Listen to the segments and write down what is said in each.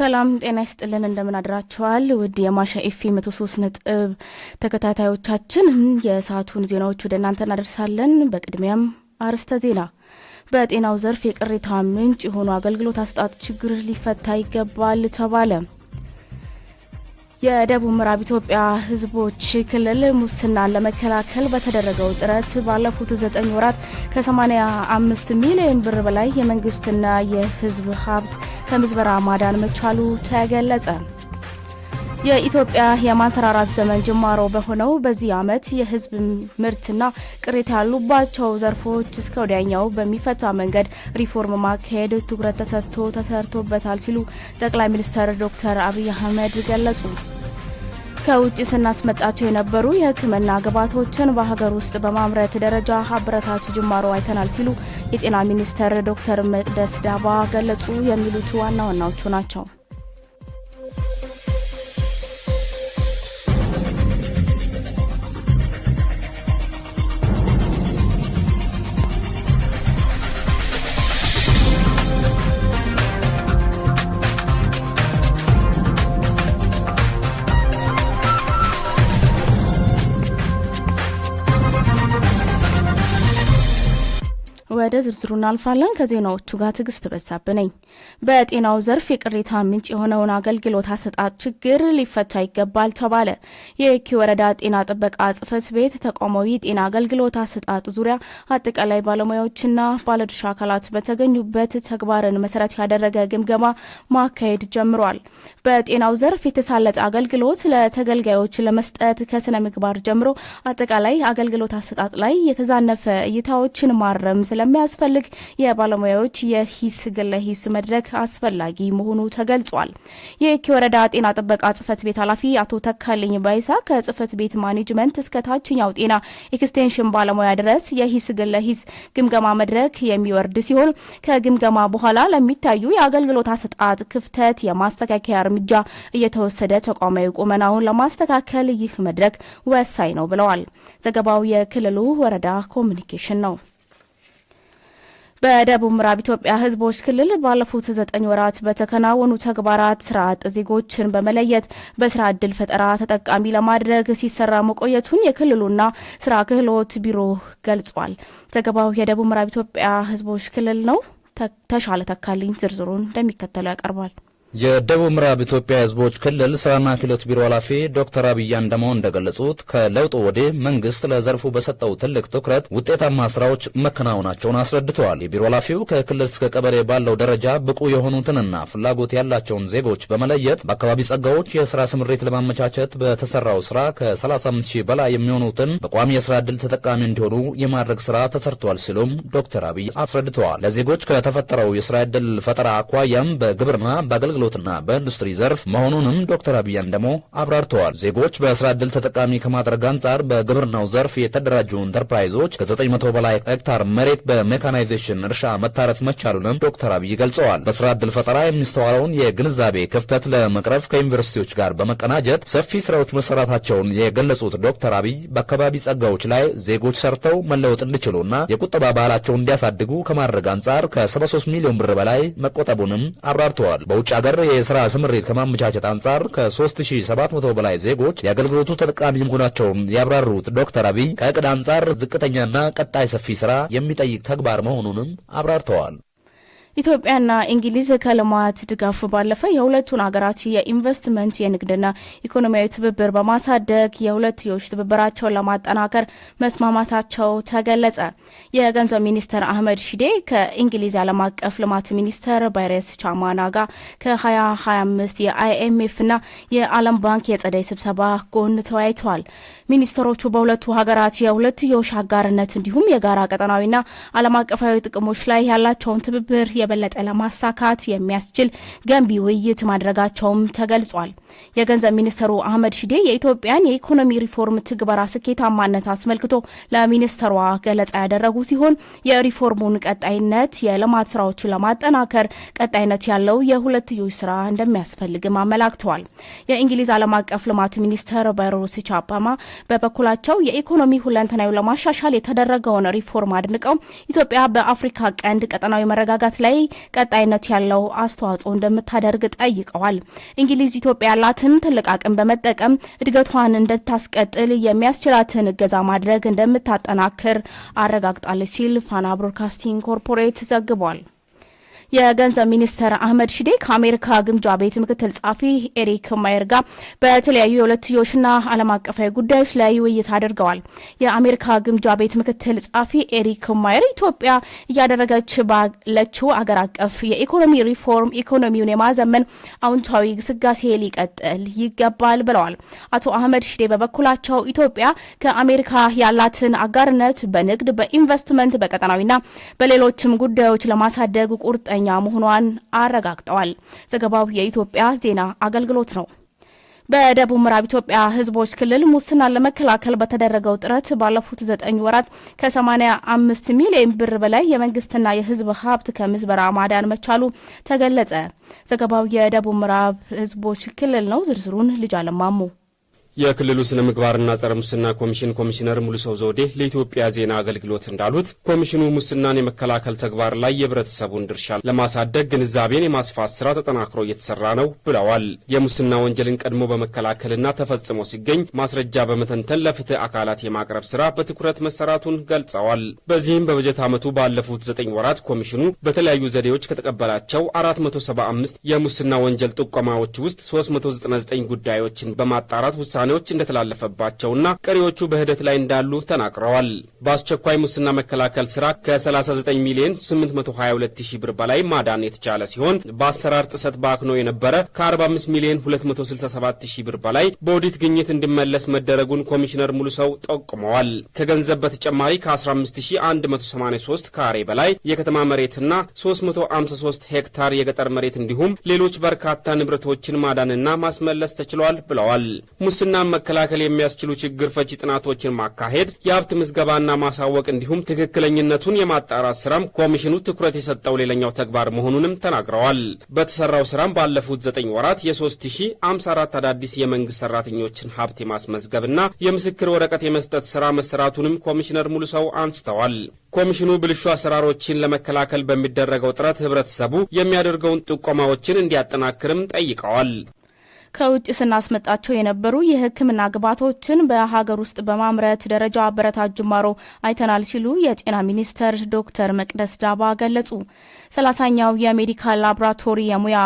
ሰላም ጤና ይስጥልን። እንደምን አድራችኋል? ውድ የማሻ ኤፍ ኤም መቶ ሶስት ነጥብ ተከታታዮቻችን የሰዓቱን ዜናዎች ወደ እናንተ እናደርሳለን። በቅድሚያም አርዕስተ ዜና። በጤናው ዘርፍ የቅሬታ ምንጭ የሆኑ አገልግሎት አሰጣጥ ችግር ሊፈታ ይገባል ተባለ። የደቡብ ምዕራብ ኢትዮጵያ ሕዝቦች ክልል ሙስናን ለመከላከል በተደረገው ጥረት ባለፉት ዘጠኝ ወራት ከ85 ሚሊዮን ብር በላይ የመንግስትና የሕዝብ ሀብት ከምዝበራ ማዳን መቻሉ ተገለጸ። የኢትዮጵያ የማንሰራራት ዘመን ጅማሮ በሆነው በዚህ ዓመት የሕዝብ ምርትና ቅሬታ ያሉባቸው ዘርፎች እስከ ወዲያኛው በሚፈታ መንገድ ሪፎርም ማካሄድ ትኩረት ተሰጥቶ ተሰርቶበታል ሲሉ ጠቅላይ ሚኒስትር ዶክተር አብይ አህመድ ገለጹ። ከውጭ ስናስመጣቸው የነበሩ የሕክምና ግብዓቶችን በሀገር ውስጥ በማምረት ደረጃ አበረታች ጅማሮ አይተናል ሲሉ የጤና ሚኒስትር ዶክተር መቅደስ ዳባ ገለጹ። የሚሉት ዋና ዋናዎቹ ናቸው። ወደ ዝርዝሩ እናልፋለን። ከዜናዎቹ ጋር ትዕግስት በዛብህ ነኝ። በጤናው ዘርፍ የቅሬታ ምንጭ የሆነውን አገልግሎት አሰጣጥ ችግር ሊፈታ ይገባል ተባለ። የኪ ወረዳ ጤና ጥበቃ ጽህፈት ቤት ተቋማዊ ጤና አገልግሎት አሰጣጥ ዙሪያ አጠቃላይ ባለሙያዎችና ባለድርሻ አካላት በተገኙበት ተግባርን መሰረት ያደረገ ግምገማ ማካሄድ ጀምሯል። በጤናው ዘርፍ የተሳለጠ አገልግሎት ለተገልጋዮች ለመስጠት ከስነ ምግባር ጀምሮ አጠቃላይ አገልግሎት አሰጣጥ ላይ የተዛነፈ እይታዎችን ማረም ስለሚያስፈልግ የባለሙያዎች የሂስ ግለ ሂስ መድረክ አስፈላጊ መሆኑ ተገልጿል። የኪ ወረዳ ጤና ጥበቃ ጽህፈት ቤት ኃላፊ አቶ ተካልኝ ባይሳ ከጽህፈት ቤት ማኔጅመንት እስከ ታችኛው ጤና ኤክስቴንሽን ባለሙያ ድረስ የሂስ ግለ ሂስ ግምገማ መድረክ የሚወርድ ሲሆን ከግምገማ በኋላ ለሚታዩ የአገልግሎት አሰጣጥ ክፍተት የማስተካከያ እርምጃ እየተወሰደ ተቋማዊ ቁመናውን ለማስተካከል ይህ መድረክ ወሳኝ ነው ብለዋል። ዘገባው የክልሉ ወረዳ ኮሚኒኬሽን ነው። በደቡብ ምዕራብ ኢትዮጵያ ህዝቦች ክልል ባለፉት ዘጠኝ ወራት በተከናወኑ ተግባራት ስራ አጥ ዜጎችን በመለየት በስራ እድል ፈጠራ ተጠቃሚ ለማድረግ ሲሰራ መቆየቱን የክልሉና ስራ ክህሎት ቢሮ ገልጿል። ዘገባው የደቡብ ምዕራብ ኢትዮጵያ ህዝቦች ክልል ነው። ተሻለ ተካልኝ ዝርዝሩን እንደሚከተለው ያቀርባል። የደቡብ ምዕራብ ኢትዮጵያ ህዝቦች ክልል ስራና ክህሎት ቢሮ ኃላፊ ዶክተር አብይ አንደሞ እንደገለጹት ከለውጡ ወዲህ መንግስት ለዘርፉ በሰጠው ትልቅ ትኩረት ውጤታማ ስራዎች መከናወናቸውን አስረድተዋል። የቢሮ ኃላፊው ከክልል እስከ ቀበሌ ባለው ደረጃ ብቁ የሆኑትንና ፍላጎት ያላቸውን ዜጎች በመለየት በአካባቢ ጸጋዎች የስራ ስምሪት ለማመቻቸት በተሰራው ስራ ከ35 ሺህ በላይ የሚሆኑትን በቋሚ የስራ ዕድል ተጠቃሚ እንዲሆኑ የማድረግ ስራ ተሰርቷል ሲሉም ዶክተር አብይ አስረድተዋል። ለዜጎች ከተፈጠረው የስራ ዕድል ፈጠራ አኳያም በግብርና በአገልግሎ በአገልግሎትና በኢንዱስትሪ ዘርፍ መሆኑንም ዶክተር አብያን ደግሞ አብራርተዋል። ዜጎች በስራ ዕድል ተጠቃሚ ከማድረግ አንጻር በግብርናው ዘርፍ የተደራጁ ኢንተርፕራይዞች ከ900 በላይ ሄክታር መሬት በሜካናይዜሽን እርሻ መታረፍ መቻሉንም ዶክተር አብይ ገልጸዋል። በስራ ዕድል ፈጠራ የሚስተዋለውን የግንዛቤ ክፍተት ለመቅረፍ ከዩኒቨርሲቲዎች ጋር በመቀናጀት ሰፊ ስራዎች መሰራታቸውን የገለጹት ዶክተር አብይ በአካባቢ ጸጋዎች ላይ ዜጎች ሰርተው መለወጥ እንዲችሉና የቁጠባ ባህላቸውን እንዲያሳድጉ ከማድረግ አንጻር ከ73 ሚሊዮን ብር በላይ መቆጠቡንም አብራርተዋል። በውጭ በር የስራ ስምሪት ከማመቻቸት አንጻር ከ3700 በላይ ዜጎች የአገልግሎቱ ተጠቃሚ መሆናቸውን ያብራሩት ዶክተር አብይ ከእቅድ አንጻር ዝቅተኛና ቀጣይ ሰፊ ስራ የሚጠይቅ ተግባር መሆኑንም አብራርተዋል። ኢትዮጵያና እንግሊዝ ከልማት ድጋፍ ባለፈ የሁለቱን ሀገራት የኢንቨስትመንት የንግድና ኢኮኖሚያዊ ትብብር በማሳደግ የሁለትዮሽ ትብብራቸውን ለማጠናከር መስማማታቸው ተገለጸ። የገንዘብ ሚኒስትር አህመድ ሺዴ ከእንግሊዝ ዓለም አቀፍ ልማት ሚኒስትር ባይረስ ቻማና ጋር ከ2025 የአይኤምኤፍና የዓለም ባንክ የጸደይ ስብሰባ ጎን ተወያይተዋል። ሚኒስትሮቹ በሁለቱ ሀገራት የሁለትዮሽ አጋርነት እንዲሁም የጋራ ቀጠናዊና ዓለም አቀፋዊ ጥቅሞች ላይ ያላቸውን ትብብር የበለጠ ለማሳካት የሚያስችል ገንቢ ውይይት ማድረጋቸውም ተገልጿል። የገንዘብ ሚኒስትሩ አህመድ ሺዴ የኢትዮጵያን የኢኮኖሚ ሪፎርም ትግበራ ስኬታማነት አስመልክቶ ለሚኒስትሯ ገለጻ ያደረጉ ሲሆን የሪፎርሙን ቀጣይነት፣ የልማት ስራዎችን ለማጠናከር ቀጣይነት ያለው የሁለትዮሽ ስራ እንደሚያስፈልግም አመላክተዋል። የእንግሊዝ ዓለም አቀፍ ልማት ሚኒስትር በሮሲች ቻፓማ በበኩላቸው የኢኮኖሚ ሁለንተናዊ ለማሻሻል የተደረገውን ሪፎርም አድንቀው ኢትዮጵያ በአፍሪካ ቀንድ ቀጠናዊ መረጋጋት ላይ ላይ ቀጣይነት ያለው አስተዋጽኦ እንደምታደርግ ጠይቀዋል። እንግሊዝ ኢትዮጵያ ያላትን ትልቅ አቅም በመጠቀም እድገቷን እንድታስቀጥል የሚያስችላትን እገዛ ማድረግ እንደምታጠናክር አረጋግጣለች ሲል ፋና ብሮድካስቲንግ ኮርፖሬት ዘግቧል። የገንዘብ ሚኒስትር አህመድ ሺዴ ከአሜሪካ ግምጃ ቤት ምክትል ጸሐፊ ኤሪክ ማየር ጋር በተለያዩ የሁለትዮሽና ዓለም አቀፋዊ ጉዳዮች ላይ ውይይት አድርገዋል። የአሜሪካ ግምጃ ቤት ምክትል ጸሐፊ ኤሪክ ማየር ኢትዮጵያ እያደረገች ባለችው አገር አቀፍ የኢኮኖሚ ሪፎርም ኢኮኖሚውን የማዘመን አውንታዊ ግስጋሴ ሊቀጥል ይገባል ብለዋል። አቶ አህመድ ሺዴ በበኩላቸው ኢትዮጵያ ከአሜሪካ ያላትን አጋርነት በንግድ፣ በኢንቨስትመንት፣ በቀጠናዊና በሌሎችም ጉዳዮች ለማሳደግ ቁርጠ ቁርጠኛ መሆኗን አረጋግጠዋል። ዘገባው የኢትዮጵያ ዜና አገልግሎት ነው። በደቡብ ምዕራብ ኢትዮጵያ ህዝቦች ክልል ሙስናን ለመከላከል በተደረገው ጥረት ባለፉት ዘጠኝ ወራት ከ85 ሚሊዮን ብር በላይ የመንግስትና የህዝብ ሀብት ከምዝበራ ማዳን መቻሉ ተገለጸ። ዘገባው የደቡብ ምዕራብ ህዝቦች ክልል ነው። ዝርዝሩን ልጅ አለማሙ የክልሉ ስነ ምግባርና ጸረ ሙስና ኮሚሽን ኮሚሽነር ሰው ዘውዴ ለኢትዮጵያ ዜና አገልግሎት እንዳሉት ኮሚሽኑ ሙስናን የመከላከል ተግባር ላይ የህብረተሰቡን ድርሻ ለማሳደግ ግንዛቤን የማስፋት ስራ ተጠናክሮ እየተሰራ ነው ብለዋል። የሙስና ወንጀልን ቀድሞ በመከላከልና ተፈጽሞ ሲገኝ ማስረጃ በመተንተን ለፍትህ አካላት የማቅረብ ስራ በትኩረት መሰራቱን ገልጸዋል። በዚህም በበጀት ዓመቱ ባለፉት ዘጠኝ ወራት ኮሚሽኑ በተለያዩ ዘዴዎች ከተቀበላቸው 475 የሙስና ወንጀል ጥቆማዎች ውስጥ 399 ጉዳዮችን በማጣራት ውሳኔ ውሳኔዎች እንደተላለፈባቸውና ቀሪዎቹ በሂደት ላይ እንዳሉ ተናግረዋል። በአስቸኳይ ሙስና መከላከል ስራ ከ39 ሚሊዮን 822 ሺህ ብር በላይ ማዳን የተቻለ ሲሆን በአሰራር ጥሰት በአክኖ የነበረ ከ45 ሚሊዮን 267 ሺህ ብር በላይ በኦዲት ግኝት እንዲመለስ መደረጉን ኮሚሽነር ሙሉ ሰው ጠቁመዋል። ከገንዘብ በተጨማሪ ከ15183 ካሬ በላይ የከተማ መሬትና 353 ሄክታር የገጠር መሬት እንዲሁም ሌሎች በርካታ ንብረቶችን ማዳንና ማስመለስ ተችሏል ብለዋል። ሙስና ሙስናን መከላከል የሚያስችሉ ችግር ፈቺ ጥናቶችን ማካሄድ፣ የሀብት ምዝገባና ማሳወቅ እንዲሁም ትክክለኝነቱን የማጣራት ስራም ኮሚሽኑ ትኩረት የሰጠው ሌላኛው ተግባር መሆኑንም ተናግረዋል። በተሰራው ስራም ባለፉት ዘጠኝ ወራት የ3054 አዳዲስ የመንግስት ሰራተኞችን ሀብት የማስመዝገብና የምስክር ወረቀት የመስጠት ስራ መሰራቱንም ኮሚሽነር ሙሉ ሰው አንስተዋል። ኮሚሽኑ ብልሹ አሰራሮችን ለመከላከል በሚደረገው ጥረት ህብረተሰቡ የሚያደርገውን ጥቆማዎችን እንዲያጠናክርም ጠይቀዋል። ከውጭ ስናስመጣቸው የነበሩ የሕክምና ግብዓቶችን በሀገር ውስጥ በማምረት ደረጃ አበረታች ጅማሮ አይተናል ሲሉ የጤና ሚኒስተር ዶክተር መቅደስ ዳባ ገለጹ። ሰላሳኛው የሜዲካል ላቦራቶሪ የሙያ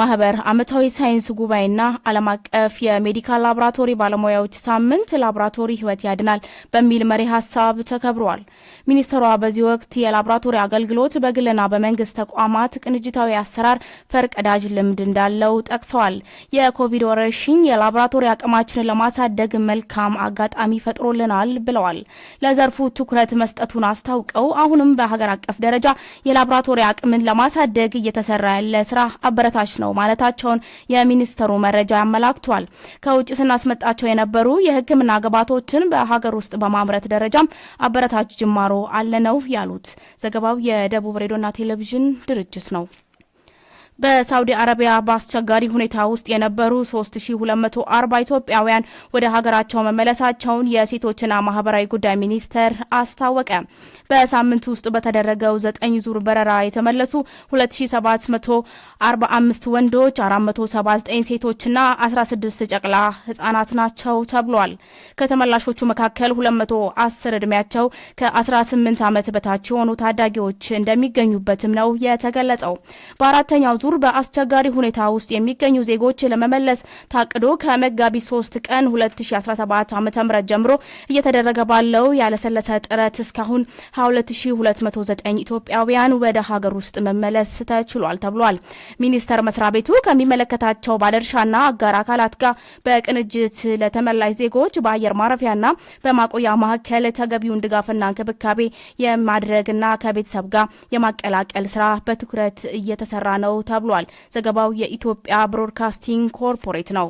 ማህበር ዓመታዊ ሳይንስ ጉባኤና ዓለም አቀፍ የሜዲካል ላቦራቶሪ ባለሙያዎች ሳምንት ላቦራቶሪ ህይወት ያድናል በሚል መሪ ሀሳብ ተከብሯል። ሚኒስትሯ በዚህ ወቅት የላቦራቶሪ አገልግሎት በግልና በመንግስት ተቋማት ቅንጅታዊ አሰራር ፈርቀዳጅ ልምድ እንዳለው ጠቅሰዋል። የኮቪድ ወረርሽኝ የላቦራቶሪ አቅማችንን ለማሳደግ መልካም አጋጣሚ ፈጥሮልናል ብለዋል። ለዘርፉ ትኩረት መስጠቱን አስታውቀው አሁንም በሀገር አቀፍ ደረጃ የላቦራቶሪ አቅምን ለማሳደግ እየተሰራ ያለ ስራ አበረታች ነው ማለታቸውን የሚኒስተሩ መረጃ ያመላክቷል። ከውጭ ስናስመጣቸው የነበሩ የሕክምና ግብዓቶችን በሀገር ውስጥ በማምረት ደረጃም አበረታች ጅማሮ አለ ነው ያሉት። ዘገባው የደቡብ ሬዲዮና ቴሌቪዥን ድርጅት ነው። በሳውዲ አረቢያ በአስቸጋሪ ሁኔታ ውስጥ የነበሩ 3240 ኢትዮጵያውያን ወደ ሀገራቸው መመለሳቸውን የሴቶችና ማህበራዊ ጉዳይ ሚኒስቴር አስታወቀ። በሳምንት ውስጥ በተደረገው ዘጠኝ ዙር በረራ የተመለሱ 2745 ወንዶች፣ 479 ሴቶችና 16 ጨቅላ ህጻናት ናቸው ተብሏል። ከተመላሾቹ መካከል 210 ዕድሜያቸው ከ18 ዓመት በታች የሆኑ ታዳጊዎች እንደሚገኙበትም ነው የተገለጸው። በአራተኛው ዙር ሱር በአስቸጋሪ ሁኔታ ውስጥ የሚገኙ ዜጎች ለመመለስ ታቅዶ ከመጋቢት 3 ቀን 2017 ዓ ም ጀምሮ እየተደረገ ባለው ያለሰለሰ ጥረት እስካሁን 22209 ኢትዮጵያውያን ወደ ሀገር ውስጥ መመለስ ተችሏል ተብሏል። ሚኒስቴር መስሪያ ቤቱ ከሚመለከታቸው ባለድርሻና አጋር አካላት ጋር በቅንጅት ለተመላሽ ዜጎች በአየር ማረፊያና በማቆያ ማዕከል ተገቢውን ድጋፍና እንክብካቤ የማድረግና ከቤተሰብ ጋር የማቀላቀል ስራ በትኩረት እየተሰራ ነው ተብሏል። ዘገባው የኢትዮጵያ ብሮድካስቲንግ ኮርፖሬት ነው።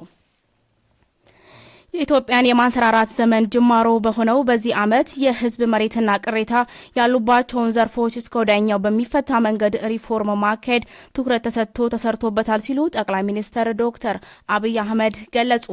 የኢትዮጵያን የማንሰራራት ዘመን ጅማሮ በሆነው በዚህ ዓመት የሕዝብ መሬትና ቅሬታ ያሉባቸውን ዘርፎች እስከ ወዲያኛው በሚፈታ መንገድ ሪፎርም ማካሄድ ትኩረት ተሰጥቶ ተሰርቶበታል ሲሉ ጠቅላይ ሚኒስትር ዶክተር አብይ አህመድ ገለጹ።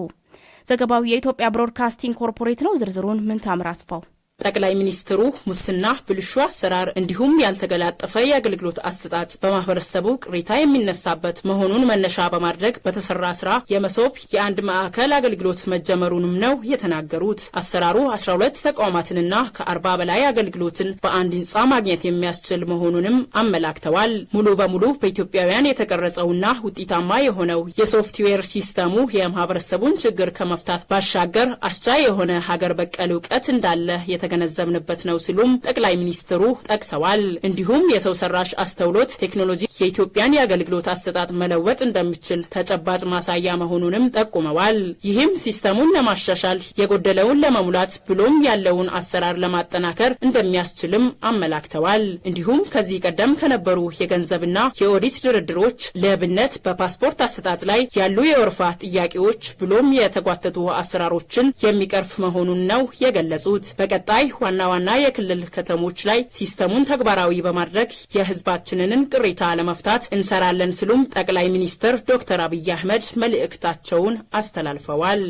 ዘገባው የኢትዮጵያ ብሮድካስቲንግ ኮርፖሬት ነው። ዝርዝሩን ምንታምር አስፋው ጠቅላይ ሚኒስትሩ ሙስና፣ ብልሹ አሰራር እንዲሁም ያልተገላጠፈ የአገልግሎት አሰጣጥ በማህበረሰቡ ቅሬታ የሚነሳበት መሆኑን መነሻ በማድረግ በተሰራ ስራ የመሶብ የአንድ ማዕከል አገልግሎት መጀመሩንም ነው የተናገሩት። አሰራሩ 12 ተቋማትንና ከ40 በላይ አገልግሎትን በአንድ ህንፃ ማግኘት የሚያስችል መሆኑንም አመላክተዋል። ሙሉ በሙሉ በኢትዮጵያውያን የተቀረጸውና ውጤታማ የሆነው የሶፍትዌር ሲስተሙ የማህበረሰቡን ችግር ከመፍታት ባሻገር አስቻይ የሆነ ሀገር በቀል እውቀት እንዳለ የተገነዘብንበት ነው ሲሉም ጠቅላይ ሚኒስትሩ ጠቅሰዋል። እንዲሁም የሰው ሰራሽ አስተውሎት ቴክኖሎጂ የኢትዮጵያን የአገልግሎት አሰጣጥ መለወጥ እንደሚችል ተጨባጭ ማሳያ መሆኑንም ጠቁመዋል። ይህም ሲስተሙን ለማሻሻል የጎደለውን ለመሙላት ብሎም ያለውን አሰራር ለማጠናከር እንደሚያስችልም አመላክተዋል። እንዲሁም ከዚህ ቀደም ከነበሩ የገንዘብና የኦዲት ድርድሮች ለብነት በፓስፖርት አሰጣጥ ላይ ያሉ የወረፋ ጥያቄዎች ብሎም የተጓተቱ አሰራሮችን የሚቀርፍ መሆኑን ነው የገለጹት። በቀጣ ላይ ዋና ዋና የክልል ከተሞች ላይ ሲስተሙን ተግባራዊ በማድረግ የህዝባችንንን ቅሬታ ለመፍታት እንሰራለን ሲሉም ጠቅላይ ሚኒስትር ዶክተር አብይ አህመድ መልእክታቸውን አስተላልፈዋል።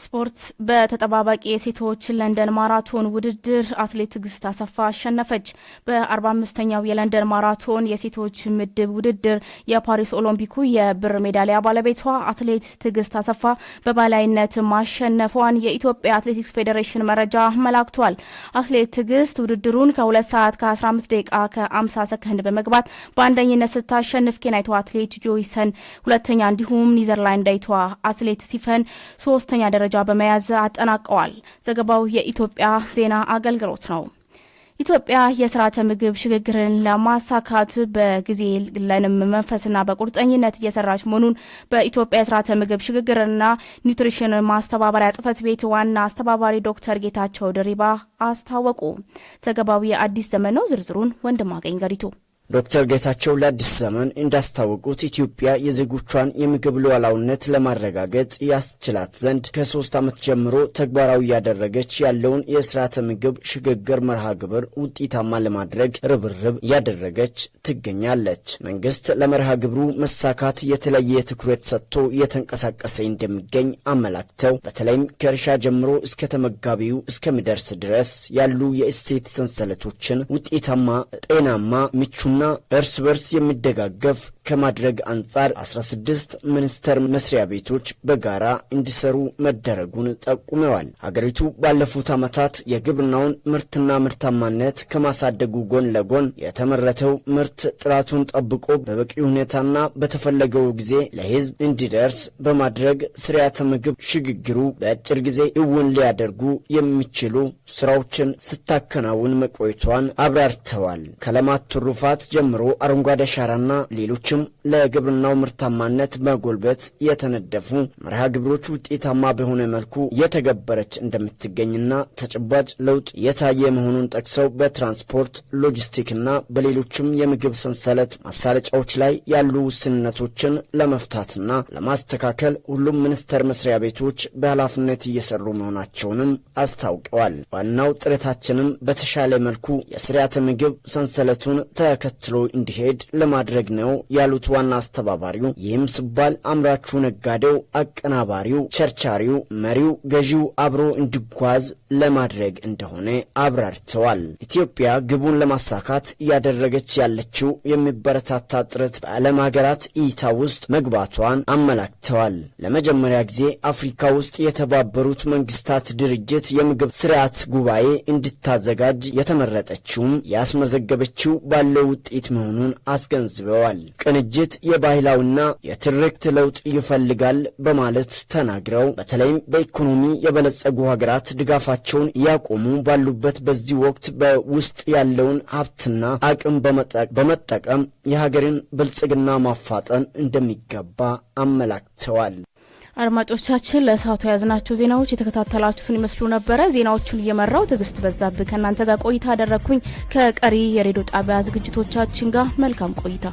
ስፖርት በተጠባባቂ የሴቶች ለንደን ማራቶን ውድድር አትሌት ትዕግስት አሰፋ አሸነፈች። በ45ኛው የለንደን ማራቶን የሴቶች ምድብ ውድድር የፓሪስ ኦሎምፒኩ የብር ሜዳሊያ ባለቤቷ አትሌት ትዕግስት አሰፋ በበላይነት ማሸነፏን የኢትዮጵያ አትሌቲክስ ፌዴሬሽን መረጃ መላክቷል። አትሌት ትዕግስት ውድድሩን ከ2 ሰዓት ከ15 ደቂቃ ከ50 ሰከንድ በመግባት በአንደኝነት ስታሸንፍ ኬንያዊቷ አትሌት ጆይሰን ሁለተኛ፣ እንዲሁም ኒዘርላንዳዊቷ አትሌት ሲፈን ሶስተኛ ደረጃ በመያዝ አጠናቀዋል። ዘገባው የኢትዮጵያ ዜና አገልግሎት ነው። ኢትዮጵያ የስርዓተ ምግብ ሽግግርን ለማሳካት በጊዜ ለንም መንፈስና በቁርጠኝነት እየሰራች መሆኑን በኢትዮጵያ የስርዓተ ምግብ ሽግግርና ኒውትሪሽን ማስተባበሪያ ጽፈት ቤት ዋና አስተባባሪ ዶክተር ጌታቸው ድሪባ አስታወቁ። ዘገባው የአዲስ ዘመን ነው። ዝርዝሩን ወንድማገኝ ገሪቱ ዶክተር ጌታቸው ለአዲስ ዘመን እንዳስታወቁት ኢትዮጵያ የዜጎቿን የምግብ ሉዓላዊነት ለማረጋገጥ ያስችላት ዘንድ ከሶስት ዓመት ጀምሮ ተግባራዊ እያደረገች ያለውን የስርዓተ ምግብ ሽግግር መርሃ ግብር ውጤታማ ለማድረግ ርብርብ እያደረገች ትገኛለች። መንግስት ለመርሃ ግብሩ መሳካት የተለየ ትኩረት ሰጥቶ እየተንቀሳቀሰ እንደሚገኝ አመላክተው በተለይም ከእርሻ ጀምሮ እስከ ተመጋቢው እስከሚደርስ ድረስ ያሉ የእሴት ሰንሰለቶችን ውጤታማ፣ ጤናማ፣ ምቹ እና እርስ በርስ የሚደጋገፍ ከማድረግ አንጻር 16 ሚኒስቴር መስሪያ ቤቶች በጋራ እንዲሰሩ መደረጉን ጠቁመዋል። ሀገሪቱ ባለፉት ዓመታት የግብርናውን ምርትና ምርታማነት ከማሳደጉ ጎን ለጎን የተመረተው ምርት ጥራቱን ጠብቆ በበቂ ሁኔታና በተፈለገው ጊዜ ለሕዝብ እንዲደርስ በማድረግ ስርዓተ ምግብ ሽግግሩ በአጭር ጊዜ እውን ሊያደርጉ የሚችሉ ስራዎችን ስታከናውን መቆይቷን አብራርተዋል። ከለማት ትሩፋት ጀምሮ አረንጓዴ አሻራና ሌሎችም በመሆን ለግብርናው ምርታማነት መጎልበት የተነደፉ መርሃ ግብሮች ውጤታማ በሆነ መልኩ የተገበረች እንደምትገኝና ተጨባጭ ለውጥ የታየ መሆኑን ጠቅሰው በትራንስፖርት ሎጂስቲክና በሌሎችም የምግብ ሰንሰለት ማሳለጫዎች ላይ ያሉ ውስንነቶችን ለመፍታትና ለማስተካከል ሁሉም ሚኒስቴር መስሪያ ቤቶች በኃላፊነት እየሰሩ መሆናቸውንም አስታውቀዋል። ዋናው ጥረታችንም በተሻለ መልኩ የስርዓተ ምግብ ሰንሰለቱን ተከትሎ እንዲሄድ ለማድረግ ነው ያሉ ያሉት ዋና አስተባባሪው ይህም ስባል አምራቹ ነጋዴው፣ አቀናባሪው፣ ቸርቻሪው፣ መሪው፣ ገዢው አብሮ እንዲጓዝ ለማድረግ እንደሆነ አብራርተዋል። ኢትዮጵያ ግቡን ለማሳካት እያደረገች ያለችው የሚበረታታ ጥረት በዓለም ሀገራት እይታ ውስጥ መግባቷን አመላክተዋል። ለመጀመሪያ ጊዜ አፍሪካ ውስጥ የተባበሩት መንግስታት ድርጅት የምግብ ስርዓት ጉባኤ እንድታዘጋጅ የተመረጠችውም ያስመዘገበችው ባለው ውጤት መሆኑን አስገንዝበዋል። ቅንጅት የባህላዊና የትርክት ለውጥ ይፈልጋል በማለት ተናግረው በተለይም በኢኮኖሚ የበለጸጉ ሀገራት ድጋፋቸውን እያቆሙ ባሉበት በዚህ ወቅት በውስጥ ያለውን ሀብትና አቅም በመጠቀም የሀገርን ብልጽግና ማፋጠን እንደሚገባ አመላክተዋል። አድማጮቻችን ለሰዓቱ የያዝናቸው ዜናዎች የተከታተላችሁትን ይመስሉ ነበረ። ዜናዎቹን እየመራው ትዕግስት በዛብህ ከእናንተ ጋር ቆይታ አደረግኩኝ። ከቀሪ የሬዲዮ ጣቢያ ዝግጅቶቻችን ጋር መልካም ቆይታ